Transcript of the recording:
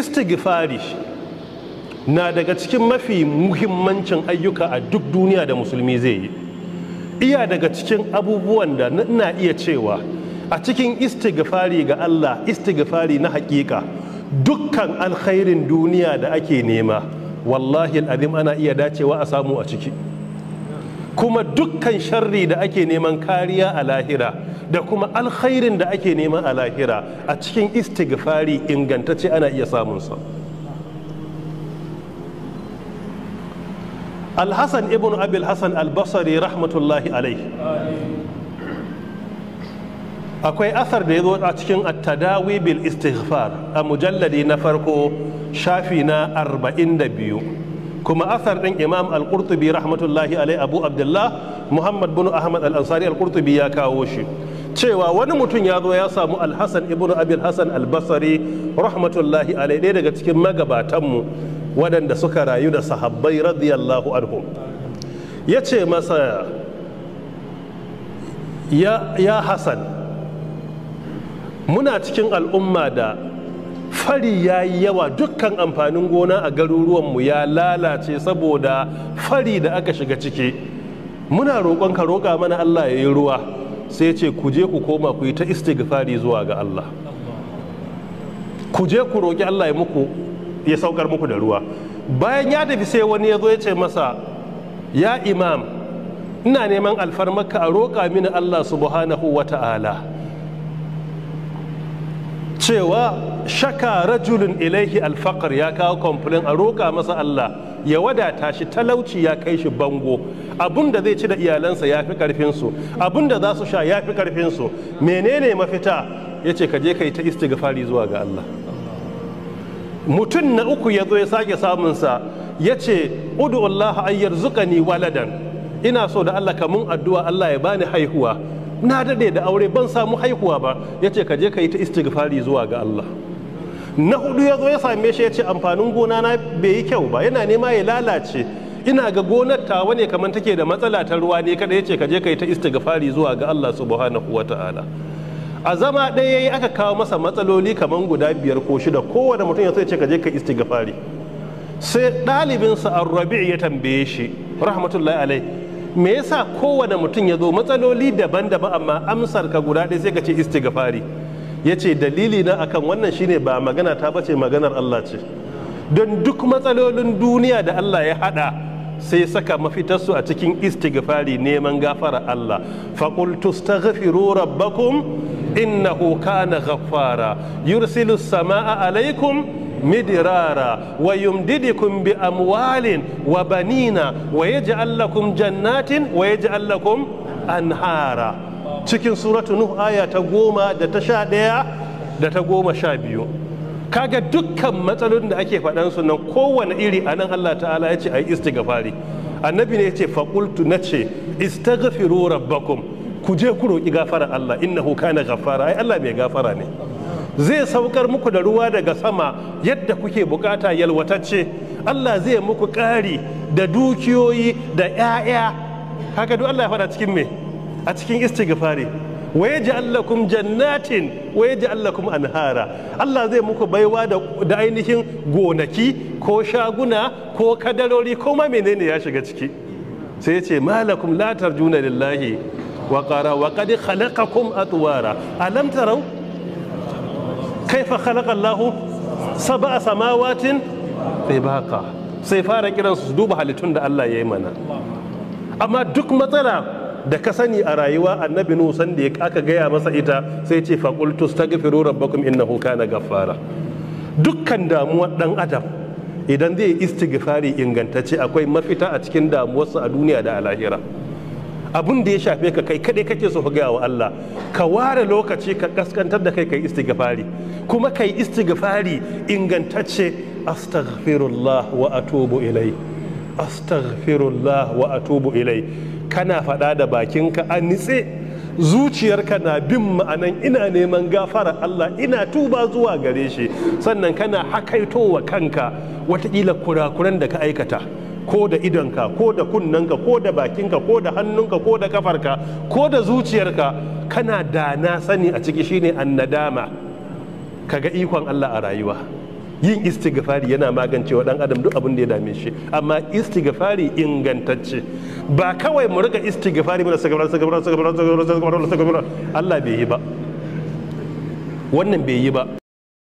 istighfari na daga cikin mafi muhimmancin ayyuka a duk duniya da musulmi zai yi iya daga cikin abubuwan da na iya cewa a cikin istighfari ga Allah istighfari na hakika dukkan alkhairin duniya da ake nema wallahi al'azim ana iya dacewa a samu a ciki kuma dukkan sharri da ake neman kariya a lahira da kuma alkhairin da ake nema a lahira a cikin istighfari ingantacce ana iya samunsa alhassan ibn abil hassan albasari rahmatullahi alaihi akwai asar da ya zo a cikin attadawi bil istighfar a mujalladi na farko shafi na 42 kuma asar ɗin imam al-qurtubi rahmatullahi alaihi abu abdullah muhammad bin ahmad al-ansari al-qurtubi ya kawo shi cewa wani mutum ya zo ya samu alhassan ibnu abil hassan albasari rahmatullahi alai ɗaya daga cikin magabatanmu waɗanda suka rayu da sahabbai radiyallahu anhu, ya ce masa ya hassan muna cikin al'umma da fari ya yi yawa dukkan amfanin gona a garuruwanmu ya lalace saboda fari da aka shiga ciki muna roƙon ka roƙa mana allah ya yi ruwa sai ce ku je ku koma ku yi ta istighfari zuwa ga Allah ku je ku roƙi Allah ya muku ya saukar muku da ruwa bayan ya tafi sai wani ya zo ya ce masa ya imam ina neman alfarmaka a roƙa mini Allah subhanahu wa ta'ala cewa shaka rajulun ilaihi alfaqar ya kawo complain a roƙa masa Allah ya wadata shi talauci ya kai shi bango abun da zai ci da iyalansa ya fi karfinsu abun da za su sha ya fi karfinsu menene mafita ya ce ka je ka yi ta istighfari zuwa ga Allah mutum na uku ya zo ya sake samunsa ya ce udu Allah ayyar zukani waladan ina so da Allah ka mun addu'a Allah ya bani haihuwa na daɗe da aure ban samu haihuwa ba ya ce ka je ka yi ta istighfari zuwa ga Allah na hudu ya zo ya same shi ya ce amfanin gona na bai yi kyau ba yana nema ya lalace ina ga gonar tawa ne kamar take da matsala ta ruwa ne kada ya ce ka je ka yi ta istighfari zuwa ga Allah subhanahu wa ta'ala a zama ɗaya yayi aka kawo masa matsaloli kamar guda biyar ko shida kowane mutum ya so ce ka je ka istighfari sai ɗalibinsa rabi ya tambaye shi rahmatullahi alai me yasa kowane mutum ya zo matsaloli daban-daban amma amsar ka guda ɗaya sai ka ce istighfari ya ce dalili na akan wannan shine ba magana ta bace maganar Allah ce don duk matsalolin duniya da Allah ya hada sai saka mafitarsu a cikin istighfari neman gafara Allah faqul tastaghfiru rabbakum innahu kana ghaffara yursilu samaa alaikum midirara wa yumdidukum bi amwalin wa banina wa yaj'al lakum jannatin wa yaj'al lakum anhara cikin suratu nuh aya ta goma da ta sha ɗaya da ta goma sha biyu kaga dukkan matsalolin da ake faɗan su nan kowane iri a nan Allah ta'ala ya ce a yi istighfari annabi ne ya ce faƙultu na ce istaghfiru rabbakum ku je ku roƙi gafara Allah innahu kana gafara ai Allah mai gafara ne zai saukar muku da ruwa daga sama yadda kuke bukata yalwatacce Allah zai muku ƙari da dukiyoyi da 'ya'ya haka duk Allah ya faɗa cikin me a cikin istighfari wa yaj'al lakum jannatin wa yaj'al lakum anhara Allah zai muku baiwa da ainihin gonaki ko shaguna ko kadarori ko ma menene ya shiga ciki sai ya ce malakum la tarjuna lillahi wa qara wa qad khalaqakum atwara alam tarau kaifa khalaqa Allahu sab'a samawatin tibaqa sai fara kiransu su duba halittun da Allah ya yi mana amma duk matsala da ka sani a rayuwa annabi nuhu sanda aka gaya masa ita sai ce faqultu astaghfiru rabbakum innahu kana gaffara dukkan damuwa dan adam idan zai istighfari ingantacce akwai mafita a cikin damuwarsa a duniya da a lahira abin da ya shafe ka kai kadai kake so ka gaya wa Allah ka ware lokaci ka kaskantar da kai kai istighfari kuma kai istighfari ingantacce astaghfirullah wa atubu ilai astaghfirullah wa atubu ilai kana faɗa da bakinka a nitse zuciyarka na bin ma'anan ina neman gafara Allah ina tuba zuwa gare shi sannan kana hakaitowa kanka watakila kurakuran da ka aikata ko da idonka ko da kunnanka ko da bakinka ko da hannunka ko da kafarka ko da zuciyarka kana dana sani a ciki shine annadama kaga ikon Allah a rayuwa yin istighfari yana magance wa dan adam duk abin da ya dame shi amma istighfari ingantacce ba kawai mu rika istighfari mu da sagabar sagabar sagabar sagabar Allah bai yi ba wannan bai yi ba